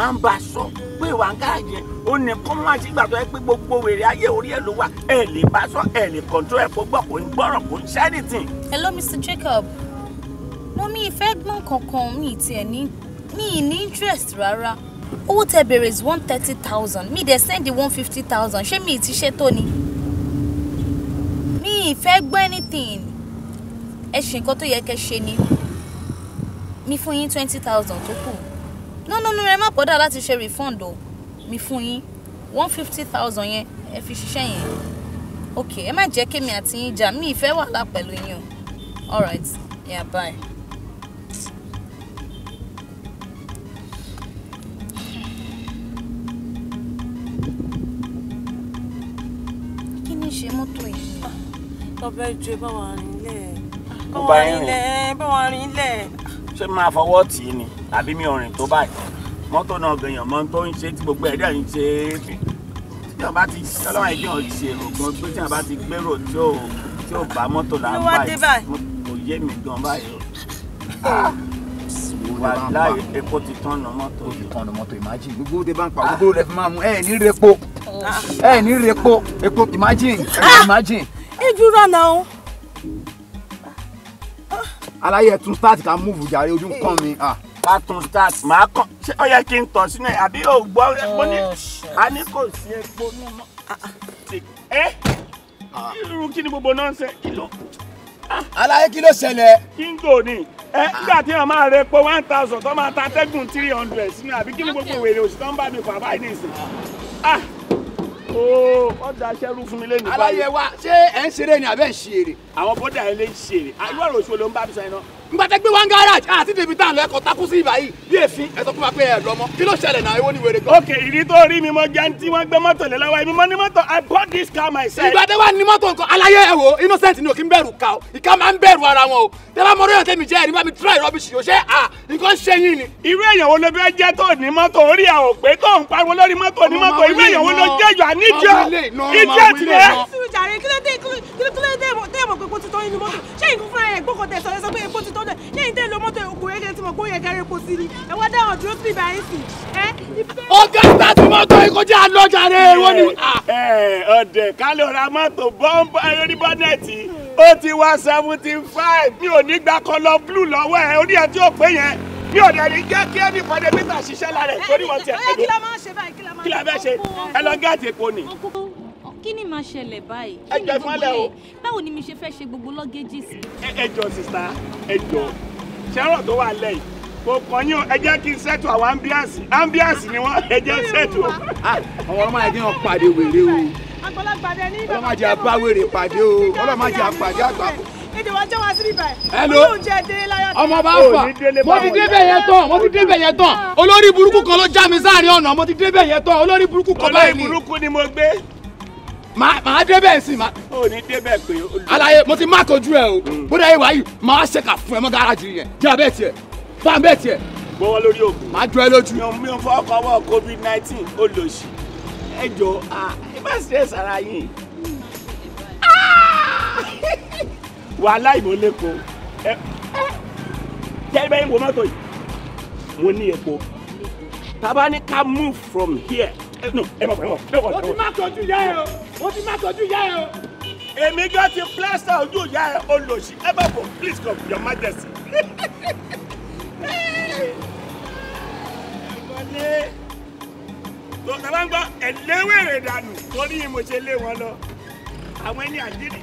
máa ń bá sọ pé ìwà ń káàjẹ ó ní kọ́mọ́ àti ìgbà tó yẹ pé gbogbo wèrè ayé orí ẹ̀ ló wà ẹ̀ lè bá sọ ẹ̀ lè kọ̀ǹtó ẹ̀ kó gbọ́ kó ń gbọ́rọ̀ kó ń ṣẹ́dìtìn. hello Mr. Jacob mo mi ìfẹ́ gbọ́n kankan mi tiẹ̀ ní mi ì ní interest rárá owó tẹ bèrè is one thirty thousand mi dẹ̀ send the one fifty thousand ṣé mi ì ti ṣe tó ni mi ì fẹ́ anything ẹ ṣe nǹkan tó yẹ kẹ́ ṣe ni mi fún yín twenty thousand tó kù no no no ẹ má bọ́dà láti ṣe refund o mi fún yín one fifty thousand yẹn ẹ fi ṣiṣẹ́ yẹn ok ẹ má jẹ́ kémi àti yín jà mí ìfẹ́ wàhálà pẹ̀lú yín o alright yeah bye. kí ni ṣe mọ́tò yìí. tọ́bẹ̀ ah, ju bá wà rìn lẹ̀ bá wà rìn lẹ̀ bá wà rìn lẹ̀ ṣé máa fọwọ́ tì í ni àbí mi ò tó báyìí mọ́tò náà gẹ̀yàn mọ́ tó ń ṣe tí gbogbo ẹ̀dá ń ṣe é fì tí wọ́n bá ti ọlọ́run ẹ̀jẹ̀ ò ṣe ògùn pé tí wọ́n bá ti gbèrò tí ò tí ò bá mọ́tò là ń báyìí kò yé mi gan báyìí o wà láyé epo ti tán nà mọ́tò yìí. tán nà mọ́tò imagine gbogbo de bá ń pa gbogbo rẹ̀ fi máa mú ẹ̀ ní repo ah. ẹ̀ ní repo epo imagine ah. imagine. ẹ dúró náà aláyẹ tún start ká múùfù jàre ojú kàn mi ah, ká tún start màá kàn ṣé ó yẹ kí n tàn sínú ẹ àbí yóò gbọ́ epo ní oh, a ní kò sí epo nínú eh? ah. ẹ irú kí ni gbogbo náà ń sẹ kí ló. aláyẹ kí ló ṣẹlẹ̀. kíngò ni ẹ eh, ah. nígbà tí wọn máa rẹ one thousand tó máa ta tẹ́gùn three hundred sínú àbí kí ni gbogbo wèrè òṣìṣẹ́ ń bá mi fà báyìí nìsín ooo oh, wọ́n da aṣẹ́rú fún mi lẹ́nu báyìí. aláyẹ wa ṣé ẹ̀ ń ṣeré ni àbẹ́ ń ṣe èrè. àwọn bọ́dà ẹ̀ lè ń ṣe èrè. àyùwọ̀ ń bá mi sọ yẹn náà nígbà tẹ́ gbé wá garage. gáràjì àti débi tá à ń lọ ẹ̀kọ́ takú sí ibà yìí bí èéfín ẹ̀sọ́ fún wa pé ẹ̀ lọ́mọ kí ló ṣẹlẹ̀ náà ewo ni wèrè kan. ok ìdí tó rí mi mọ jantí wọn gbé mọ́tò lé lọ́wọ́ èmi mọ ní mọ́tò i bought this car myself. ìgbà tẹ́ wà ní mọ́tò nǹkan aláyé ẹ̀ wò innocent ni o kì í bẹ̀rù ká o ìka máa ń bẹ̀rù ara wọn o tẹ́ bá mọ̀rọ̀ tẹ́mi jẹ́ ẹ̀rí bá mi try rubbish yóò ṣe à nǹkan ṣe yín ni. irú èèyàn wo ló fẹ́ jẹ́ tó ní mọ́tò orí à ò pé tó ń pariwo lórí mọ́tò ní mọ́tò irú èèyàn wo ló jẹ́ yọ àníjọ́ ìjẹ́ tìlẹ̀ pé epo ti tán nínú mọ́tò ṣé ìkún fúnra ẹ̀ gbọ́kọ̀ tẹ̀ sọ ẹ sọ pé epo ti tán dẹ̀ ṣé ìtẹ́ lo mọ́tò ọkùnrin kẹrin tí mo kó yẹ kẹrin epo sí ni ẹ wá dáhùn dúró sí ibà yín sí. ọ̀gá sáàtì mọ́tò ìkọjá àlọ́jà rẹ̀ èwo ni. Ah. ọ̀dẹ̀ ká ra mọ́tò bọ́ńbà lórí ó ti wá seventy five mi ò ní gba kọlọ blue lọ́wọ́ ẹ̀ orí ẹ̀ tí ó pé yẹn mi ò dẹ̀ ní jẹ́ kí ẹni pàdé mítà ṣiṣẹ́ lára ẹ̀ torí wọ́n ti ẹ̀ kí la máa ṣe ẹ lọ gẹ́ẹ̀tì epo ni kí ni màá ṣẹlẹ̀ báyìí. ẹ jọ ìfọ́nlẹ̀ o. báwo ni mi ṣe fẹ́ ṣe gbogbo lọ́gẹ́jì sí. ẹ jọ sista ẹ jọ ṣẹ́rọ̀ tó wà lẹ́yìn kò kàn yín o ẹ jẹ́ kí n ṣètò àwọn ambulance ambulance ni wọ́n ẹ jẹ́ ṣètò. Ah, àwọn ọmọ ẹ̀dín wọn pàdé wèrè o ọlọ́mọ abáwèrè pàdé o ọlọ́mọ àpàdé àgbà èdè wa jẹ́ wa sí ibà ẹ̀. ọmọ bá fà mo ti débẹ̀ yẹn tán mo ti débẹ̀ yẹn tán ah. olórí burúkú kan ló já mi sáàrin ọ̀nà mo ti débẹ̀ yẹn tán olórí burúkú kan báyìí. olórí burúkú ni mo gbé màá débẹ̀ nsìn ma. o ní débẹ̀ pé o. alaye mo ti má kojú ẹ o bóde ẹ wáyé màá ṣe kà fún ẹ mọ gáràjì yẹn jẹ abẹ tiẹ bá abẹ tiẹ. gbọ́wọ́ lórí òògùn. màá jọ ẹ lójú. mi ò mi ò fọwọ́ ọwọ́ covid nineteen ó lò sí. ẹ jọ ẹ má ṣe é sara yín. Ah! wàhálà ìbò lẹ́kọ̀ọ́ ẹ jẹ́ bẹ́ẹ̀ wo mọ́tò yìí mo ní epo tá a bá ní ká move from here no ẹ má bọ̀ ẹ má bọ̀. o ti má tọ́jú ìyá ẹ o o ti má tọ́jú ìyá ẹ o. èmi gan ti plaster ojú ìyá ẹ olòṣì ẹ má bọ̀ please come your majesty. ẹ̀gbọ́nlé tó tàbá ń gbọ́ ẹ̀léwèrè dànù torí mo ṣe lé wọn lọ àwọn ẹni àjírí.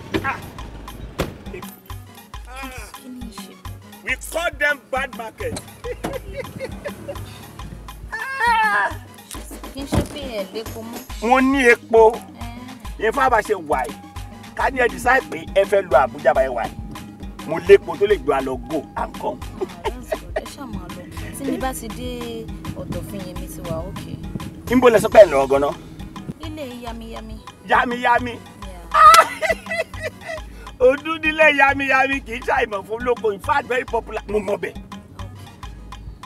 We call them bad market. wọ́n ní epo ifá bá ṣe wà yìí ká ní ẹ decide pé ẹ fẹ́ lọ Àbújá báyìí wà yìí mo lépo tó lè gbé wa lọ go and come. ẹ ṣàmà lọ tí mi bá ti dé ọ̀dọ̀ fún yẹn mi ti wà òkè. níbo lẹ sọ pé ẹ lọ ganan. ilé yamiyami. yamiyami odúdílé yamiyami kì í ṣàìmọ̀ fún lóko in very popular mo mọ̀ bẹ́ẹ̀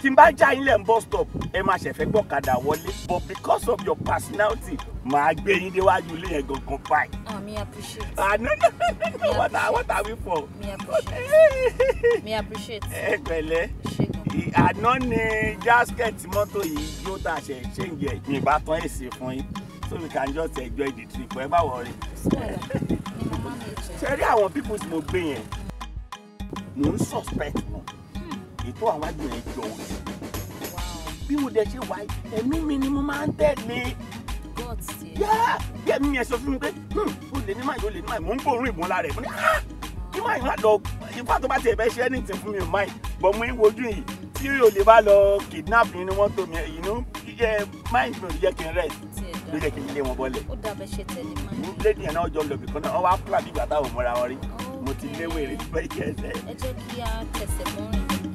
tí n bá já yín lẹ̀ ń bus stop ẹ máa ṣẹ̀fẹ̀ gbọ́kadà wọlé but because of your personality màá gbé yín déwájú ilé yẹn gangan báyìí. Ah, mi appreciate. ah no no no no what are what mi appreciate. mi appreciate. ẹ pẹ̀lẹ́ àná ni jásikẹ́ẹ̀tì mọ́tò yìí yóò tà ṣe ṣéǹgì ẹ̀ ní ìbátan èsì fún yín so we can just enjoy the trip ẹ bá wọrí. ṣe rí àwọn people tí mo gbé yẹn mò ń suspect wọn ètò àwọn àjò ẹ̀ jọ òní bí mo dẹ̀ ṣe wà ẹ̀mí mi ni mo máa ń tẹ̀lé yá bí ẹ̀mí mi ẹ̀ sọ fún mi pé hmm, o lè ní máyì o lè ní máyì mò ń gbóòórùn ìbọn lára ẹ̀ mo ní ah! kí máyì má lọ ìfá tó bá tiẹ̀ fẹ́ ṣe anything fún mi ò máyì bọ̀ mo ń wojú yìí tí o lè bá lọ kidnap mi ni wọ́n tó mi ẹ̀yìn ní yẹ máyì mi ò yẹ kí n rest ló yẹ kí n lé wọn bọ́lẹ̀. ó dàbẹ̀ ṣe tẹ̀lé máa ń.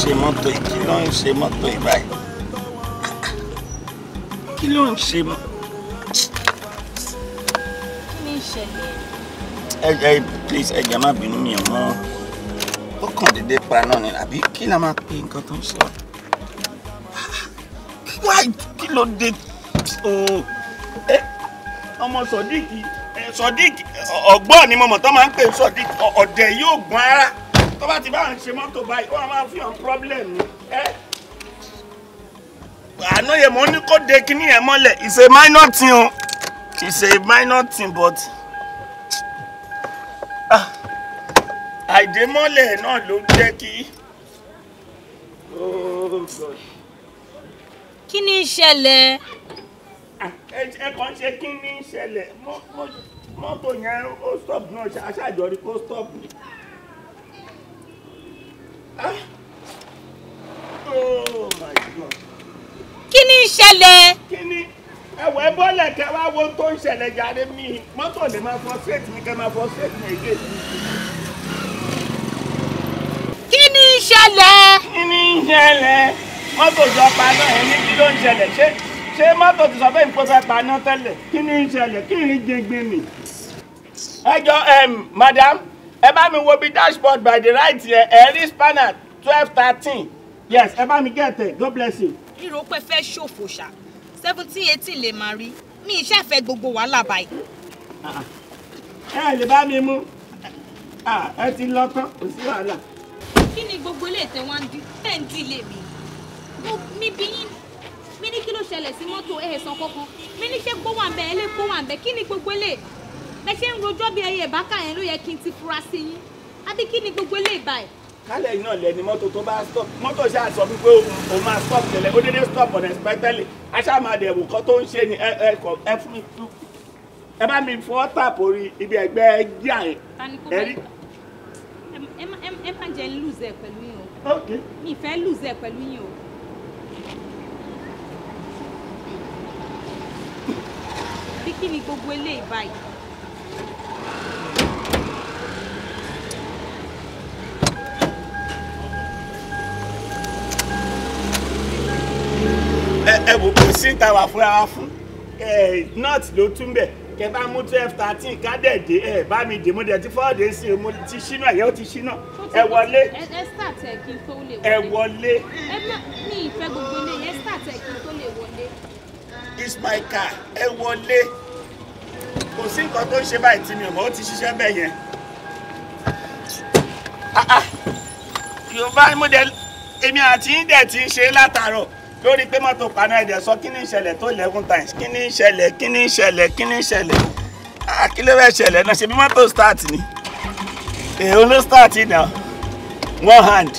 ṣe mọ́tò yìí kí ló ń ṣe mọ́tò yìí báyìí kí ló ń ṣe mọ́. kí ni ìṣẹ̀lẹ̀. ẹ ẹ please ẹ jẹ́ má bínú mi mọ́ ó kàn déédéé pa náà ni àbí kí la máa pe nǹkan tó ń sọ. wáyé kí ló dé ọmọ sọdíkì sọdíkì ọgbọ́n ni mo mọ̀ tó máa ń pè sọdíkì ọ̀dẹ̀ yóò gbọ́n ara tó bá ti bá ń ṣe mọ́tò báyìí ó máa fi hàn problem ni ẹ. àánúyẹ mo ní kó de kíní yẹn mọ́lẹ̀ it's a minor thing o it's a minor thing but ah, àìdémọ́lẹ̀ náà ló jẹ́ kí. Oh, kí ni ìṣẹ̀lẹ̀. Ah, ẹ kàn ṣe kí ni ìṣẹ̀lẹ̀ mọ́tò yẹn ó stop náà aṣáájọ rí kó stop kí ni ìṣẹ̀lẹ̀. kí ni ẹwọ ẹ bọ́lẹ̀ kẹ wá wo tó ń ṣẹlẹ̀ jáde mi mọ́tò lè máa fọ séètì mi kẹ máa fọ séètì mi èdè. kí ni ìṣẹ̀lẹ̀. kí ni ìṣẹ̀lẹ̀ mọ́tò jọ pa náà ẹ ní kí ló ń ṣẹlẹ̀ ṣé ṣé mọ́tò ti sọ bẹ́ẹ̀ ni kò fẹ́ pa náà tẹ́lẹ̀ kí ni ìṣẹ̀lẹ̀ kí ni jẹgbẹ́ mi. ẹ jọ madam ẹ bá mi wo bí dashboard by the right yẹn ẹ rí spanner twelve thirteen yes ẹ bá mi get it god bless you. ríro pé fẹ́ ṣòfò ṣá seventeen eighteen lè máa rí mi iṣẹ́ fẹ́ gbogbo wàhálà báyìí. Ah, ah. ẹ lè bá mi mú ah, ẹ ti lọ tán kò sí wàhálà. kí ni gbogbo ilé ìtẹ̀ wá ń di ten di ilé mi mi bí yín mi ní kí ló ṣẹlẹ̀ sí mọ́tò ẹ̀ẹ̀sán kankan mi ní ṣé gbówó àbẹ̀ ẹ lè gbówó àbẹ̀ kí ni gbogbo ilé bẹ ṣe ń rojọ́ bí ẹyẹ ìbákà yẹn ló yẹ kí n ti fura sí yín àbí kí ni gbogbo eléyìí báyìí. kálẹ̀ iná lẹni mọ́tò tó bá stop mọ́tò ṣáà sọ wípé o máa stop tẹ̀lẹ̀ ó dédé stop unexpectedly aṣáàmàdé ẹ̀wò kan tó ń ṣe ni ẹ fún mi ẹ bá mi fọ́ tàpù orí ibi ẹgbẹ́ jíà ẹ̀ ẹ̀rí. ẹ má jẹ́ lùzẹ̀ pẹ̀lú yín o mi fẹ́ lùzẹ̀ pẹ̀lú yín o. bí kí ni gbogbo eléyìí báyìí ẹ wò kò sí ìta wà fúnra wa fún north ló tún bẹ̀ kẹ bá mú twelve thirteen ká dẹ̀ dé ẹ bá mi dè mú dẹ̀ tí four days sí mo ti ṣínà ẹ̀yẹ́ ó ti ṣínà ẹ wọlé ẹ wọlé. mi ìfẹ́ gbogbo ilé ẹ start ẹ̀ kí n tó lè wọlé. it's my car ẹ wọlé kò sí nǹkan tó ń ṣe báyìí tí mi ò mọ̀ ó ti ṣiṣẹ́ bẹ́ẹ̀ yẹn. Ah, ah. yorùbá mọdẹl èmi àti ìdẹ ti ń ṣe látàárọ̀ lórí pé mọ́tò paná ẹ̀dẹ̀ sọ kí ni ìṣẹ̀lẹ̀ tó eleven times kí ni ìṣẹ̀lẹ̀ kí ni ìṣẹ̀lẹ̀ kí ni ìṣẹ̀lẹ̀ ah, kí ló fẹ́ ṣẹlẹ̀ náà ṣe bí mọ́tò start ni èèyàn ló start náà one hand.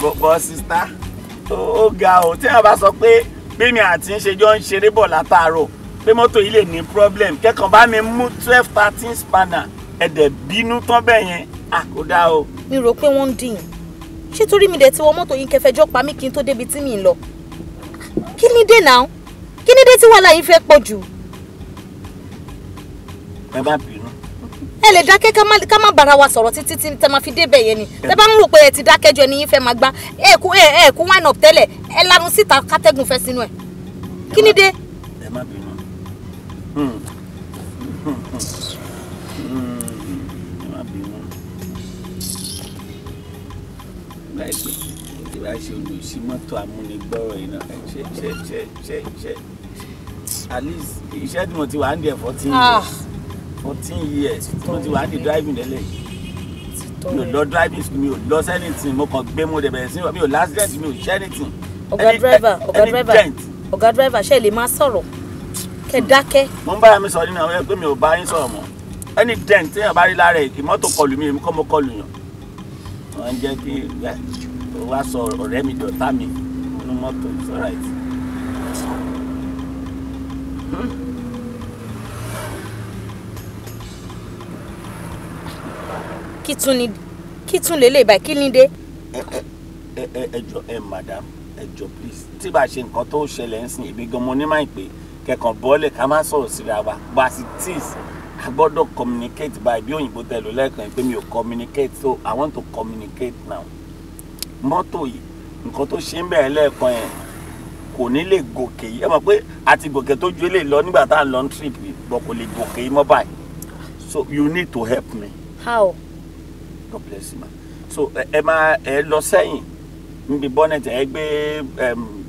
bọ́ sista ó ga o tí a bá sọ pé bímí àti ń ṣe jọ ń ṣeré bọ̀ látàárọ̀ pé mọ́tò yìí lè ní problem kẹ́kọ̀ọ́ bá mi mú twelve thirteen spanner ẹ̀dẹ̀ bínú tán bẹ́ẹ̀ yẹn à kò dáa o. mi rò pé wọ́n ń dìyàn ṣé torí mi dẹ̀ tí wọ́n mọ́tò yìí kẹfẹ́jọ́ pa mí kí n tó débi tí mi ń lọ kí ni dé náà kí ni dé tí wàhálà yìí fẹ́ pọ̀ jù. bàbá bìrì ẹ lè dákẹ́ ká má bára wa sọ̀rọ̀ títí tí tẹ máa fi débẹ̀ yẹn ni tẹ bá ń rò pé ẹ ti dákẹ́jọ ẹni yín fẹ́ máa gbá ẹ kú ẹ ẹ kú wine up tẹ́lẹ̀ ẹ lanu síta kátẹ́gùn fẹ́ sínú ẹ kí ni dé. ẹ má bínú ẹ má bínú láìpẹ́ tí wàá ṣe olùsí mọ́tò amúnigbọ́rọ̀ yìí náà ṣe ṣe ṣe ṣe ṣe at least iṣẹ́ tí mo ti wà ń dẹ̀ fourteen years fourteen years tó ti wà á di driving lẹ́lẹ̀ mi ò lọ driving school mi ò lọ anything mo kàn gbé mo dẹ̀ bẹ̀rẹ̀ sí mi ò last dent mi ò ṣe anything. ọ̀gá driver ọ̀gá driver ọ̀gá driver ṣe lè máa sọ̀rọ̀ kẹ dákẹ́. mo ń bára mi sọ nínú àwọn ẹgbẹ́ mi ò bá yín sọ̀rọ̀ mọ́ ẹni dent téèyàn bá rí lára ẹ̀ mọ́tò kọlù mi èmi kọ́ mo kọlù yàn wọ́n jẹ́ kí wá sọ ọ̀rẹ́ mi dọ̀tá mi nínú mọ́tò it's alright. Hmm? kí tún ni kí tún kí ni dé. ẹ ẹ ẹ jọ ẹ madam ẹ jọ please tí bá a ṣe nǹkan tó ṣẹlẹ̀ ń sìn èmi gan mo ní máa ń pè kẹkàn bọ́ọ̀lẹ̀ ká má sọ̀rọ̀ síra wa bá a sì tíìs a gbọ́dọ̀ communicate báyìí bí òyìnbó tẹ lò lẹ́ẹ̀kan pé mi ò communicate so i want to communicate now mọ́tò yìí nǹkan tó ṣe ń bẹ̀rẹ̀ lẹ́ẹ̀kan yẹn kò ní lè gòkè yìí ẹ mọ̀ pé àti gòkè tó ju eléyìí lọ nígbà tá à ń lọ trip bọ̀ kò lè gòkè yìí mọ́ báyìí so you need to help me. how. God bless you ma so ẹ máa ẹ lọ sẹ́yìn níbi bonnet ẹ gbé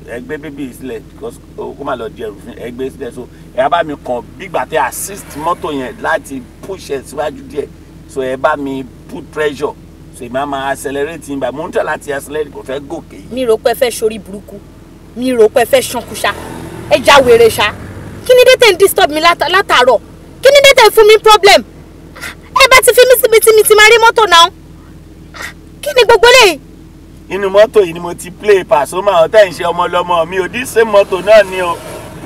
ẹ gbé bébì sílẹ̀ because kó má lọ di ẹrù fún ẹ gbé sílẹ̀ so ẹ bá mi kàn bígbà tẹ assist mọ́tò yẹn láti push ẹ síwájú díẹ̀ so ẹ bá mi put pressure so ẹ máa ma accelerate yín báyìí mo ń tẹ̀ láti accelerate kò fẹ́ gòkè yìí. mi rò pé fẹ́ sórí burúkú mi rò pé fẹ́ ṣankuṣa ẹ já wèrè ṣá kí ni dé tẹ̀ ń disturb mi látàárọ̀ kí ni dé tẹ̀ ń fún mi problem ti fi mí síbi tí mi ti máa rí mọ́tò náà kí ni gbogbo lè. inú mọ́tò yìí ni mo ti play Pasuma ọ̀tẹ̀ ìṣe ọmọlọmọ mi ò dín sí mọ́tò náà ni o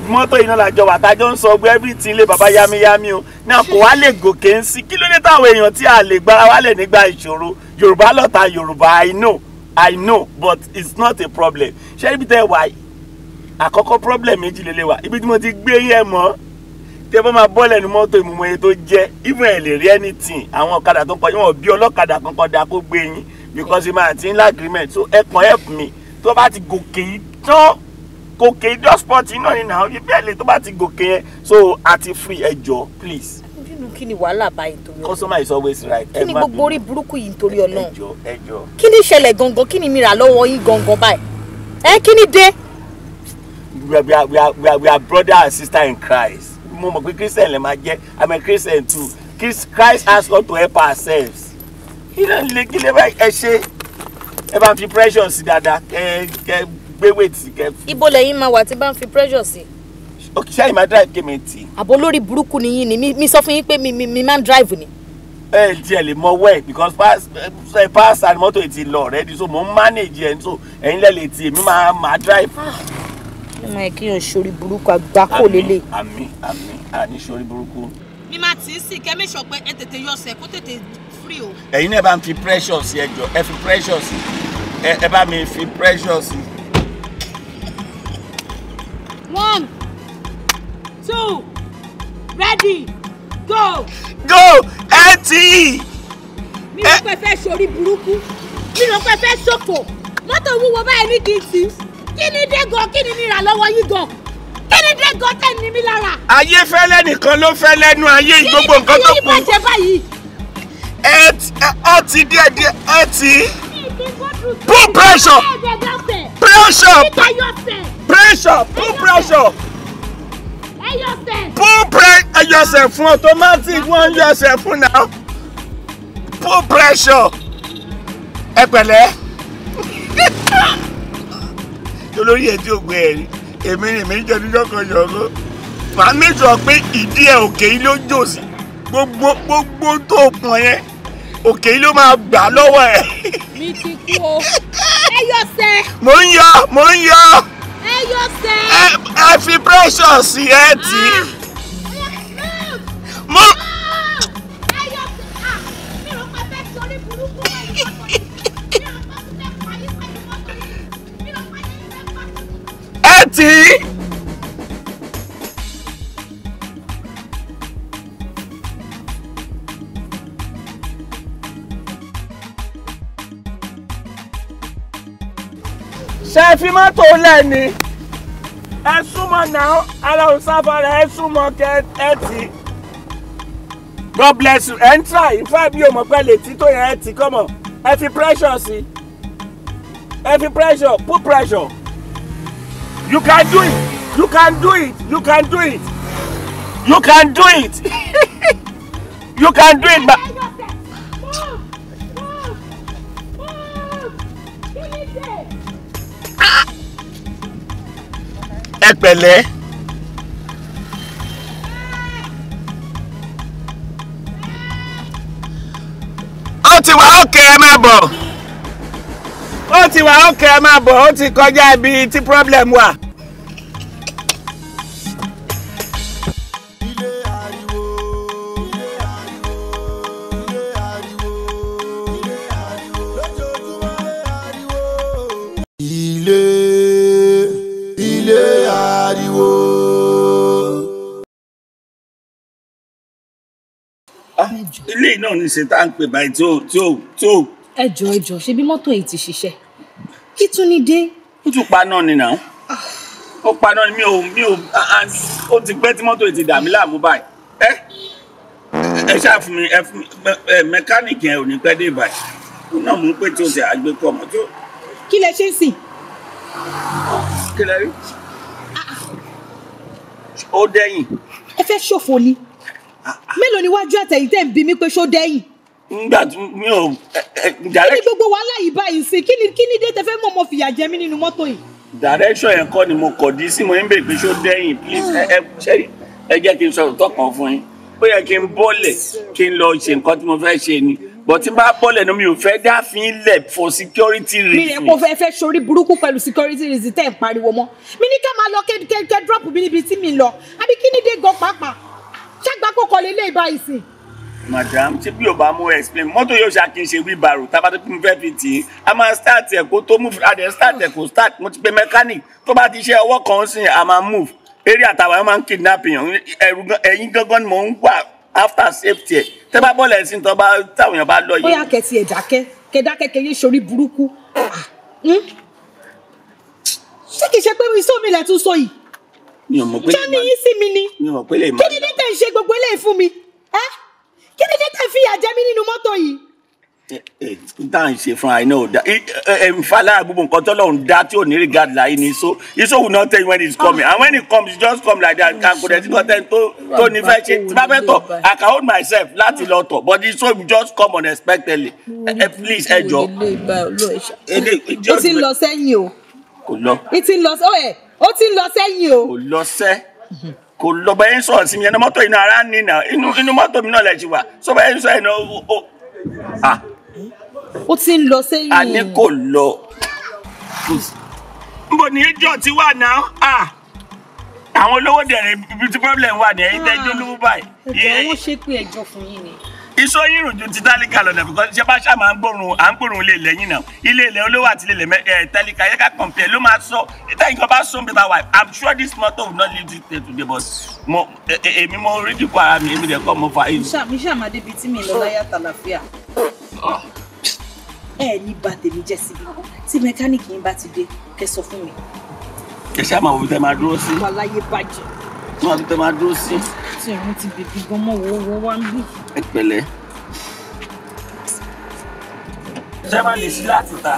mọ́tò yìí náà làjọ wà tájọ ń sọ ọgbẹ́ everything lé baba yámiyámi o náà kò wá lè gòkè ń sí kí ló dé táwọn èèyàn tí a lè gbára wálẹ̀ nígbà ìṣòro yorùbá lọ́ta yorùbá i know i know but it's not a problem ṣé ibi tẹ́ wà àkọ́kọ́ problem méjì lélẹ̀ wà ibi tí mo ti gbé yẹn mọ́ tẹ bá máa bọ́ọ̀lẹ̀ ní mọ́tò ìmúmọ́ yẹn tó jẹ́ even ẹ̀ lè rí anything àwọn ọ̀kadà tó ń kọjá wọn bí ọlọ́kadà kankan da kó gbé yín because ìmọ̀ àti ńlá agreement so ẹ kàn help me tó bá ti gòkè yìí tán gòkè yìí dọ́ sport iná ni nà yìí bẹ́ẹ̀ lè tó bá ti gòkè yẹn so àti free ẹ jọ please. nínú kí ni wàhálà bá ìtòrí ọlọ́run customer is always right. kí ni gbogbo orí burúkú yìí nítorí ọlọ́run kí ni ìṣẹ̀lẹ̀ gangan kí ni mi gangan kí ni mo mọ̀ pé christian lè máa jẹ́ i'm a christian too christ has got to help ourselves kí ló ń lé kí lè bá ẹ ṣe ẹ bá ń fi pressure sí dáadáa kẹ kẹ gbé wèètì kẹ. ibo lẹ́yìn máa wà tí bá ń fi pressure sí. òkè ṣáà máa drive kémi tì. àbò lórí burúkú ni yín ni mi sọ fún yín pé mi máa ń drive ni. ẹ tiẹ̀ lè mọ wẹ̀ because pass and mọ́tò ti lọ already so mo manage ẹ̀ so ẹ̀yin lẹ́ lè ti èmi máa máa drive. Ah ọmọ ẹ kí n ṣorí burúkú àgbákò lélẹ̀. àmín àmín àní ṣorí burúkú. mi máa tì í sí kẹ́mí sọ pé ẹ tètè yọ ọsẹ kó tètè firi o. ẹ̀yin náà bá ń fi pressure sí jọ ẹ fi pressure sí ẹ bá mi fi pressure one two ready go. go ẹ tì í. mi ò pẹ́ fẹ́ sori burúkú mi ò pẹ́ fẹ́ sọ̀fọ̀ mọ́tò wúwo báyìí ní kí n tì í kí ni dégò kí ni nira lọ́wọ́ yìí gan kí ni dégò tẹ̀ ní mi lára. ayé fẹ́lẹ́ nìkan ló fẹ́ lẹ́nu ayé gbogbo nǹkan tó kù. kí ni ìbàjẹ́ báyìí. ẹ ọtí díẹ̀ díẹ̀ ọtí. pull pressure pressure pressure pull pressure. pull pressure ẹ yọsẹ̀ fún automatic wọ́n yọsẹ̀ fún náà pull pressure ẹ pẹ̀lẹ́ olórí ẹ tí ò gbé ẹ rí èmi rìn mí jẹ níjọ kan ṣọgbó màá mẹjọ pé ìdí ẹ òkè yìí ló jò sí gbogbo gbogbo tó pọn yẹn òkè yìí ló máa gbà lọ́wọ́ ẹ. mi ti kú o ẹ yọ sẹ. mo ń yọ mo ń yọ. ẹ yọ sẹ. ẹ ẹ fi precious ẹ tì í. Ah. mo. Ah. ẹ yọ sẹ. Ah. mi ò pẹ́ fẹ́ torí burúkú ẹ̀ yọ sẹ. tì í. ṣe fi mọ́tò lẹ́ni ẹ súnmọ́ náà ara ò sábàrà ẹ súnmọ́ kẹ ẹ God bless you ẹ ń try in fact mi ò mọ̀ pé lè tí tó yẹn ẹ tì kọ́mọ̀ pressure see. Every pressure put pressure. You can do it. You can do it. You can do it. You can do it. you can do it. But... Ẹ pẹ̀lẹ́. Ó ti wá òkè ẹ máa bọ̀ ó ti wà ókè ẹ máa bọ̀ ó ti kọjá ibi tí problem wà. ilé náà ní ṣe tá à ń pè báyìí tí ò tí ẹ jọ ẹ jọ ṣebí mọ́tò yìí ti ṣiṣẹ́ kí tún ni dé. ó tún pa náà ni náà ó pa náà ni mi ò mi ò ó ti pẹ́ tí mọ́tò ti dà mí láàmú báyìí ẹ ẹ ṣáà fún mi ẹ fún mi ẹ mẹkáníìkì yẹn ò ní pẹ́ dé báyìí ó náà mú pé tí o ṣe àgbékọ̀ ọmọ tó. kí lẹ ṣe sí. kí lẹ rí. Ah. ó dẹ́yìn. ẹ fẹ́ ṣòfò ni ah, ah. mélòó ni wájú àtẹ̀yìn ń bi mí pé ṣó dẹ́yìn ngbà tí mi ò. kí ni gbogbo wàhálà yìí báyìí sí kí ni kí ni dé tẹfẹ́ mọ̀ mọ́ fìyà jẹ mí nínú mọ́tò yìí. direction yẹn kọ́ ni mo kọ̀ dí sí mo ń bèèrè pé ṣó please ẹ ẹ kí n sọ̀rọ̀ tọkàn fún yín ó yẹ kí n bọ́lẹ̀ kí n lọ ṣe nǹkan tí mo fẹ́ ṣe ni bọ̀ tí n bá bọ́lẹ̀ ni mi ò fẹ́ dáfin lẹ̀ for security reason. mi rẹ̀ kó fẹ́ fẹ́ sori burúkú pẹ̀lú security reason tẹ́ ẹ̀ pariwo mọ́ mi ní ká máa lọ kẹ́ drop mi níbi tí mi lọ àbí kí ni dé gan pàápàá ṣàgbákò kọ́lé lé ìbáyìí madam ṣé bí o bá mú explain mọ́tò yóò ṣá kí n ṣe wheelbarrow tá a bá tó kún fẹ́ẹ́ fi tì í a máa start ẹ̀ kó tó move adẹ̀ start ẹ̀ kó start mo ti pe mechanic tó bá ti ṣe ọwọ́ kan sìn a máa move eré àtàwọn ẹ̀ máa ń kidnap èèyàn ẹ̀rù ẹ̀yìn gangan ni mò ń wà after safety ẹ̀ tẹ́ bá bọ́ọ̀lù ẹ̀sìn tó bá táwọn èèyàn bá lọ yìí. bóyá kẹ̀tì ẹ̀ dákẹ́ kẹ̀ dákẹ́ burúkú hmm? ṣé kìí ṣe pé iṣẹ́ omi lẹ̀ sọ yìí jẹ́ mi yín sí mi ni kí ni dé ṣe gbogbo eléyìí fún mi ẹ́ kí ni dẹ́tẹ̀ fi ìyà jẹ mí nínú mọ́tò yìí. tá à ń ṣe fún àìní ọ̀dà ìfalára eh, eh, eh, gbogbo nǹkan tọ́lọ́run dá tí ò ní rí gàdì láyé ní so iṣẹ́ òun náà tẹ̀yìn when it's coming and when it comes it just come like that àkùdẹ̀ tí wọ́n tẹ́ni tó ní fẹ́ ṣe tí bá fẹ́ tọ̀ I can hold myself láti lọ tọ̀ but iṣẹ́ òun just come unexpectedly please ẹ jọ. o ti lọ sẹ́yìn o. kò lọ. o ti lọ o ti lọ sẹ́yìn o. kò lọ sẹ́ kò lọ bá yẹn sọ̀rọ̀ sí mi ẹnu mọ́tò inú ara ní nà inú inú mọ́tò mi náà lẹ̀ ti wà sọ bá yẹn sọ ẹ̀ náà o. ó ti ń lọ sẹ́yìn. a ní kò lọ. nbọ ni ijó ti wà náà àwọn olówó dẹ̀rẹ̀ ibi tí problem wà ní ẹ̀yìn tẹ́jú olówó báyìí. Ah, ẹ̀jọ̀ wọn ṣépè ẹ̀jọ̀ fún yín ni iṣó yìnrùn ju ti tálíkà lọ́nà bíkọ́ ṣe bá ṣáà ń gbòòrùn à ń gbòòrùn ilé ilẹ̀ yìí náà ilé ilẹ̀ olówó àti ilé ilẹ̀ ẹ̀ tálíkà yẹ ká compare ló máa sọ níta nǹkan bá sọ better wife i'm sure this motor will not leave this state today but mo e, e, èmi mo rí dìkọ ara mi èmi dẹ̀ kọ́ mo fa ìlú. mi ṣàmà débi tí mi lọ láyà tàlàfíà ẹ ní bá tèmi jẹ síbi tí mẹkáníìkì yín bá ti dé kẹ́ sọ fún mi. kẹsàn-án máa wọ ibi tẹ máa ti ẹ̀rùn ti bèbí gan mọ́ wọ́ wọ́ wá ń bí. ẹ pẹ̀lẹ́. ṣé máa lè ṣí láti ta.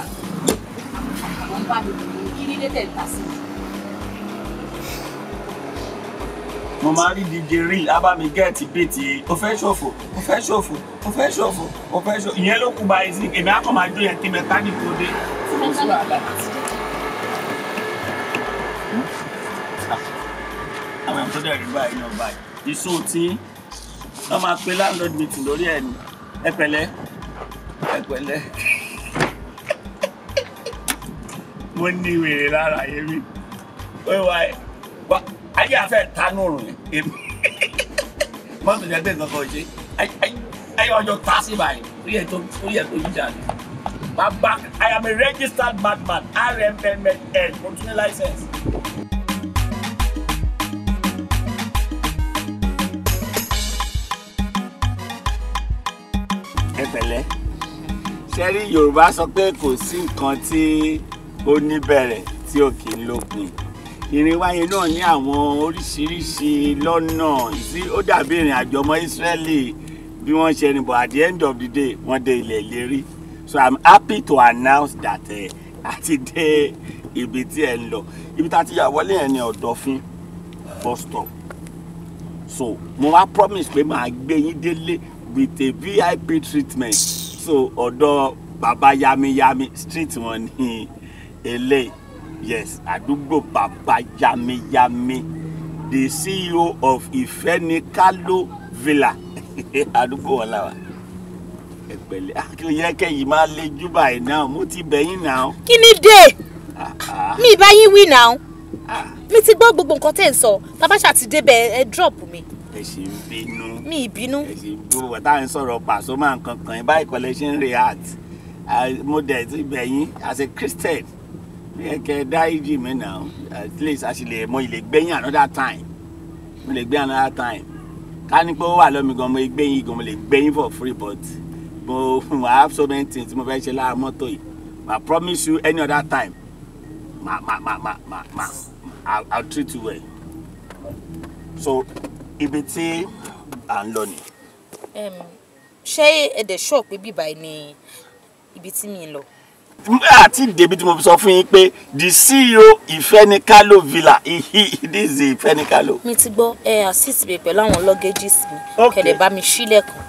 àwọn bá mi kí nílé tẹ̀ ta sí. mo máa rí DJ real á bá mi gẹ́ẹ̀tì bíìtì ó fẹ́ ṣòfò ó fẹ́ ṣòfò ó fẹ́ ṣòfò ó fẹ́ ṣòfò ìyẹn ló kú báyìí sí èmi á máa jó yẹn tí mẹkáníìkì ó dé fún oṣù àlá. dẹ̀ rí báyìí náà báyìí ìṣó tí wọ́n máa pe landlord meeting lórí ẹ̀ ní ẹ pẹ̀lẹ́ ẹ pẹ̀lẹ́ mo ní wèrè lára yẹmi wíwá ẹ ayé afẹ́ tanú rùn èmi mọ́tò jẹ́ pé nǹkan kan ṣe ayé ọjọ́ ta sí báyìí orí ẹ̀ tó orí ẹ̀ tó yí jáde bàbá I am a registered madman rmms mo tún ní license. pẹ̀lẹ́ ṣẹ́rí Yorùbá sọ pé kò sí nǹkan tí ó níbẹ̀rẹ̀ tí ò kì í lópin ìrìn wáyé náà ní àwọn oríṣiríṣi lọ́nà sí ó dàbí ìrìn àjò ọmọ Ísírẹ́lì bí wọ́n ṣe rìn bọ̀ at the end of the day wọ́n dé ilẹ̀ ìlérí so i'm happy to announce that eh, a ti dé ibi tí ẹ ń lọ ibi tá a ti yà wọlé yẹn ní Ọ̀dọ̀fin bus stop so mo wá promise pé màá gbé yín délé with a vip treatment so ọ̀dọ̀ baba yamiyami street wọn ni ele yes àdúgbò baba yamiyami the ceo of ifenikalo villa àdúgbò wọn la wa ẹpẹ̀lẹ́ akíló ah, yẹ kẹyìn máa lé júbà yìí náà mo ti bẹ̀yìn náà. kí ni dé ah, ah. mi ìbá yín wí náà mi ti gbọ́ gbogbo nǹkan tẹ̀ ń sọ tabasha ti débẹ̀ ẹ drop mi. ẹ ṣe ń bínú mi ìbínú. gbogbo bàtà ń sọ̀rọ̀ pàṣọ máa ń kankan ìbá ìkọlẹ̀ ṣe ń react mo dẹ̀ ti bẹ̀ yín as a christian kẹ dá ìjì mi náà at least a sì lè mo lè gbẹ̀yìn another time mo lè gbẹ̀yìn another time ká ní pé ó wà lọ́mi gan mo lè gbẹ̀yìn gan mo lè gbẹ̀yìn for free but mo I have so many things mo fẹ́ ṣe lára mọ́tò yìí I promise you any other time ma ma ma ma ma ma I'll, I'll treat you well so ibi tí à ń lọ ni. ṣé ẹ̀dẹ̀ ṣọ́ọ̀ pé bíbá ẹ ni ibi tí mi lọ. àti dèbí tí mo sọ fún yín pé the CEO Ifenikalo villa this is Ifenikalo. mi ti gbọ́ ẹ assist mi pẹ̀lú àwọn luggages mi kẹ̀lẹ́ bá mi ṣílẹ̀kùn.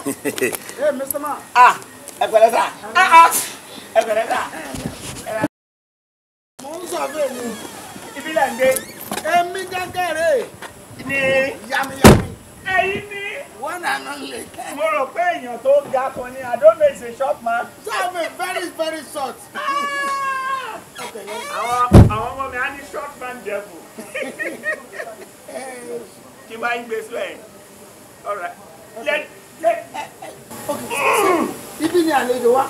hey, Mr. Ma. Ah, ẹ pẹ̀lẹ́ sà. Ah ah, ẹ pẹ̀lẹ́ sà. dé. èmi gẹ́gẹ́ rè ni yamiyami. èyí ni. one and only. mo rò pé èèyàn tó ga kan ni adome is a short man. sáàmì very very short. Ah! àwọn àwọn ọmọ mi á ní short man devil. kí n bá yín gbé sílẹ̀ all right. Let, let. Eh, eh, okay. ibi ni àlejò wa.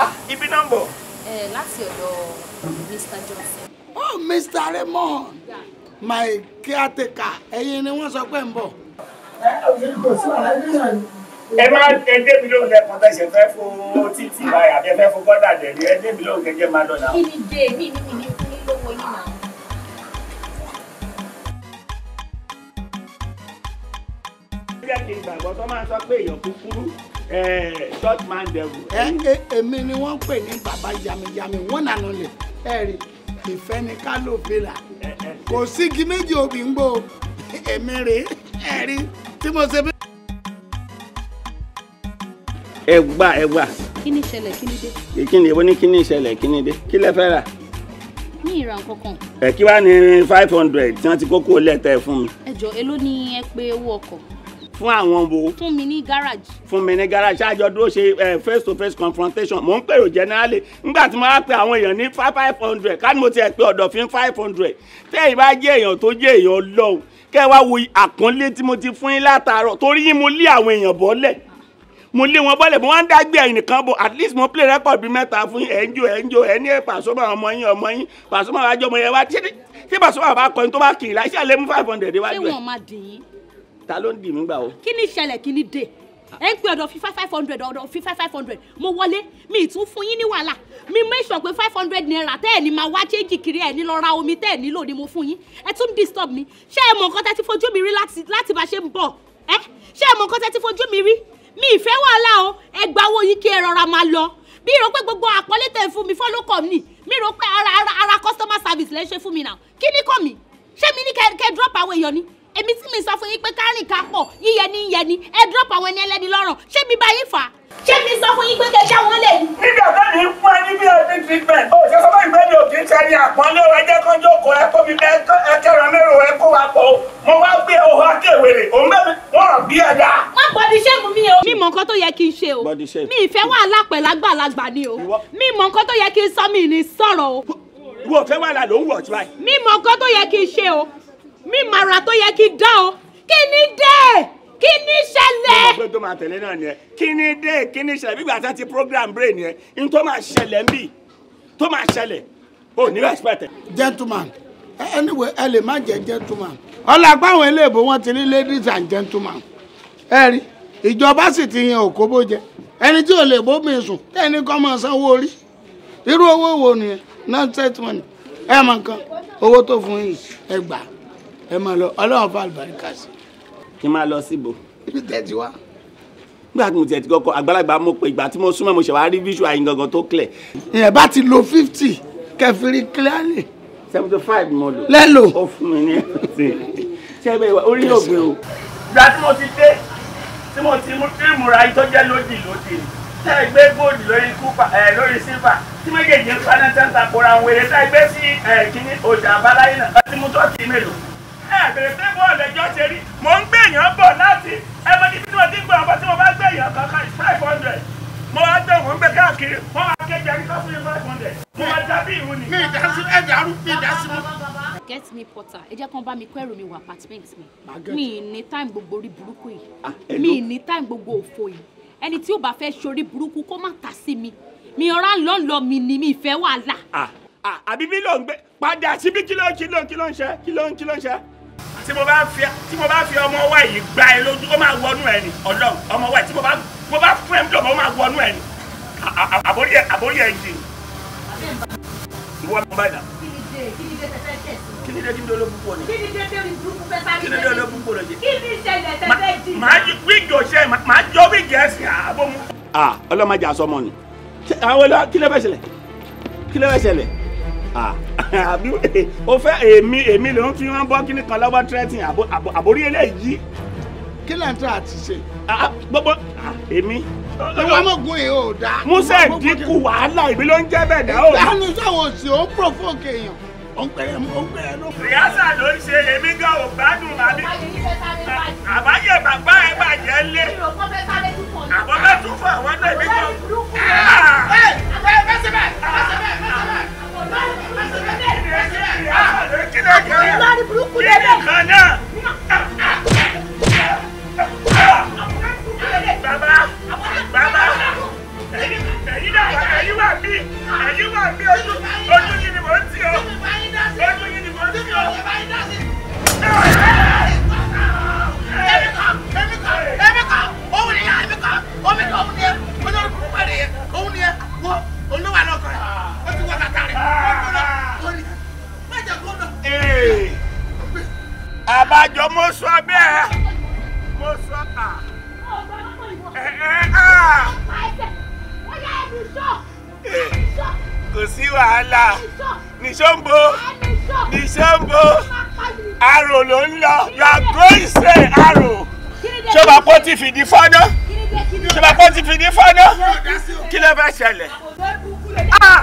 Ah, ibi náà ń bọ̀. Eh, láti ọ̀dọ̀ Mr Johnson oh Mr. Raymond my caretaker ẹ̀yin ni wọ́n sọ pé ń bọ̀. ẹ má ẹ dé mi lóhùn lẹ́kọ̀ọ́ bẹ́ẹ̀ ṣe fẹ́ fún títì báyìí àbí ẹ fẹ́ fún bọ́dà dẹ̀bí ẹ dé mi lóhùn gẹ́gẹ́ máa dọ̀dà. kí ni dé mi ni mi ní fún mi lówó yín náà. jẹ́ kí n gbàgbọ́ tó máa ń sọ pé èèyàn kúkúrú short man devil. ẹ ẹ èmi ni wọ́n ń pè ní bàbá yamiyami wọ́n nànú lè ẹ rí i àpèfẹ́ ni ká ló fi là méjì obì ń gbò èmi rè é rí tí mo ṣe bí. ẹ kí ni ìṣẹ̀lẹ̀ kí ni dé. ìkíni ìbọn ní kí ni ìṣẹ̀lẹ̀ kí ni dé kí lẹ fẹ́ rà. ní ìran kankan. ẹ kí wàá ní five hundred tí wọ́n ti kókó lẹ́tẹ̀ẹ́ fún mi. ẹ jọ èló ni ẹ pé owó ọkọ̀ fún àwọn wo. fún mi ní garage. fún mi ní garage ṣáàjọ dúró ṣe face to face confrontation mò ń pèrò generally nígbà tí mo bá pe àwọn èèyàn ní five hundred ká ní mo ti ẹ̀ pé ọ̀dọ̀ fi five hundred tẹ́ ì bá jẹ́ èèyàn tó jẹ́ èèyàn lọ́wọ́ kẹ́ ẹ wá wo àpọ́nlé tí mo ti fún yín látàárọ̀ torí yín mo lé àwọn èèyàn bọ́lẹ̀ mo lé wọn bọ́lẹ̀ mo wá ń dágbé ẹ̀yìn nìkan bò at least mo play record bíi mẹ́ta fún ẹ̀ ń jó ẹ̀ ń jó ẹ̀ ní Pasuma ọmọ yín ọmọ yín Pasuma àjọmọ yẹn wá tí Pasuma bá kọrin tó bá kì í láì sí àlẹ́ mú five hundred wá jù ẹ̀. ṣé wọn máa dì í ta ló ń dì mí gbà o. kí ni ìṣẹ̀lẹ̀ kí ni dé ẹ ń pè ọ̀dọ̀ fi five hundred ọ̀dọ̀ fi five hundred mo wọlé mi ì tún fún yín ní wàhálà mi make sure pé five hundred naira tẹ́ ẹ̀ ní máa wá chéjì kiri ẹ̀ ní lọ ra omi tẹ́ ẹ̀ nílò ni mo fún yín ẹ tún disturb mi ṣé ẹ mọ nǹkan tẹ́ ti fojú mi rí láti bá ṣe ń bọ̀ ẹ ṣé ẹ mọ nǹkan tẹ́ ti fojú mi rí mi ì fẹ́ wàhálà o ẹ gba owó yín kí ẹ rọra máa lọ bí rò pé gbogbo àpọ́lé tẹ̀ fún mi fọ́lọ́kọ̀ mi mi rò pé ara ara customer service lẹ́ ṣe fún mi náà kí ni kọ́ mi ṣé mi ní kẹ́ drop away èèyàn ni èmi tí mi sọ fún yín pé kárìn ká pọ̀ yíyẹ ní yẹ ni ẹ drop àwọn ẹni ẹlẹ́ni lọ́rùn ṣé mi bá yín fà á. ṣé mi sọ fún yín pé kẹjá wọn lè. nígbà tó ní fún ẹni bí ọdún treatment ó ṣe sọ́kọ́ ìgbẹ́ mi ò kì í ṣe ẹni àpọ́nlé ọ̀rọ̀ ẹjẹ́ kan jókòó ẹ kó mi ẹ kẹrọ mẹ́rọ ẹ kó wa pọ̀ mo wá gbé ohun akéwèrè òun bẹ́ẹ̀ wọ́n rọ̀ bí ẹ̀dá. má bọ́dí ṣẹ́gun mi o. mi mọ nǹkan tó yẹ kí n ṣe o mi ìfẹ́ wàhálà pẹ̀lú àgbàlagbà ni o mi mọ nǹkan tó yẹ kí n sọ mi ní sọ̀rọ̀ o. ìwọ fẹ́ wàhálà ló ń wọ̀ ọ́ tí báyìí. mi mọ nǹkan tó yẹ kí n ṣe o mi màrà tó yẹ kí dá o kí ni dé kí ni ṣẹlẹ̀. ọgbẹ́ tó máa tẹ̀lé náà nìyẹn kí ni dé kí ni ṣẹlẹ̀ bígbà tá ti program brain yẹn n tó máa ṣẹlẹ̀ ń bì tó máa ṣẹlẹ̀ o ní respect. gentleman anyway ẹ lè má jẹ gentleman ọlá pàwọn eléèbó wọn ti ní ladies and gentleman ẹ rí ìjọba sì ti yan òkóbó jẹ ẹni tí ò lè bómi sùn tẹ́ni kọ́ máa sanwó orí irú owó wo nìyẹn non statement ẹ̀ mọ̀ nǹkan owó tó fún yìí ẹ gbà á ẹ máa lọ ọlọ́run fún àlùbáríkà sí. kí n máa lọ síbò. ibi tẹ̀sí wa. nígbà tí mo tiẹ̀ ti kọ́kọ́ àgbàlagbà mo pè ìgbà tí mo súnmọ́ mo ṣẹ̀ wá rí visual yín gangan tó clear. ìyẹn bá ti lo fifty kẹfìrí clearly. seventy five mo lò. lẹ́lò. ó fún mi ní ẹ̀sìn. ṣé ẹ bẹ́ẹ̀ orí yóò gbé o. ìgbà tí mo ti dé tí mo ti mú ìmúra ìtọ́jẹ́ lódì lódì táì gbé góòlù lórí kúpà ẹ lórí sílvà tí méjèèjì ń paná tẹ́ńtà kóra ń wèrè táì gbé sí ẹ kíní ọjà àbáláyé náà ọtí mú tọ́tì mélòó ẹ bèrè pé bọ́ọ̀lù ṣe rí mò ń gbé èèyàn bọ̀ láti ẹ níbi tí mo ti ń ọkọ̀ tí mo bá gbé èèyàn kankan five hundred mo wá gbé wọn gbé káàkiri wọn wá kéde ẹni tó fún mi five hundred mo wá jábí ìrù ni. mi ìdá sí ẹ dàrú mi ìdá mi. get me porter ẹ jẹ́ kán bá mi kó ẹrù mi wọ apartment mi mi ní time gbogbo orí burúkú yìí ah, mi ní time gbogbo òfò yìí ẹni tí ó bá fẹ́ ṣorí burúkú kó má ta sí mi mi ọ̀rá ń lọ lọ mi ni mi ìfẹ́ wàhálà. Ah, ah, àbí mi ló ń gbé padà síbí kí ló ń kí ló ń ṣe kí ló ń kí ló ń ṣe tí mo bá fi tí mo bá fi ọmọ wa yìí gba ẹ lójú ó máa wọnú ẹ ni Ọlọ́run ọmọ wa yìí tí mo bá mo bá fún ẹ ń dọ̀bọ̀ ó máa wọnú ẹ ni àbórí ẹ àbórí ẹ yìí. ìwọ ló ń báyìí náà. kí olóògùn pọ̀ ni. kí olóògùn pọ̀ lọ́jẹ́. kí ni ìṣẹ̀lẹ̀ jì. màá jọ wíìgì ọ̀ṣẹ́ màá jọ wíìgì ẹ̀sìn àbọ̀mú. ọlọ́mọdé àsọmọ ni kí ló fẹ́ ṣẹlẹ̀ kí ló ṣẹlẹ̀ Ah. àbí o fẹ́ èmi èmi ló ń fi wọn bọ́ kíní kan lọ́wọ́ tírẹ́tì àbórí eléyìí. kí ló ń tọ́ àti ṣe. Ah, ah, gbogbo èmi. ìwọ ọmọkùnrin yìí ò dáa. musa dínkù wàhálà ìbí ló ń jẹ́ bẹ́ẹ̀ dá o. ìdáhùn sọ̀wọ́ sí ó provoke èèyàn ọ̀npẹ̀rẹ̀ mú ọ̀npẹ̀rẹ̀ ló. rìásà ló ń ṣe èmi gan ò gbádùn àbí. àbáyé bàbá ẹ bàjẹ́ lé. àbọ̀ bẹ́ẹ̀ tún fún àwọn náà èmi gan. lórí burúkú lélẹ̀. bàbá bàbá ẹ̀yin wà bí ẹ̀yin wà bí ojú ojú. lájọ mo sọ bẹ́ẹ̀ mo sọ à. ẹ ẹ à. kò sí wàhálà nìṣọ́nbó nìṣọ́nbó arò ló ń lọ yàgò ìṣe arò ṣé bàá pọ́ ti fìdí fọ́nà ṣé bàá pọ́ ti fìdí fọ́nà kí ló fẹ́ ṣẹlẹ̀. Ah!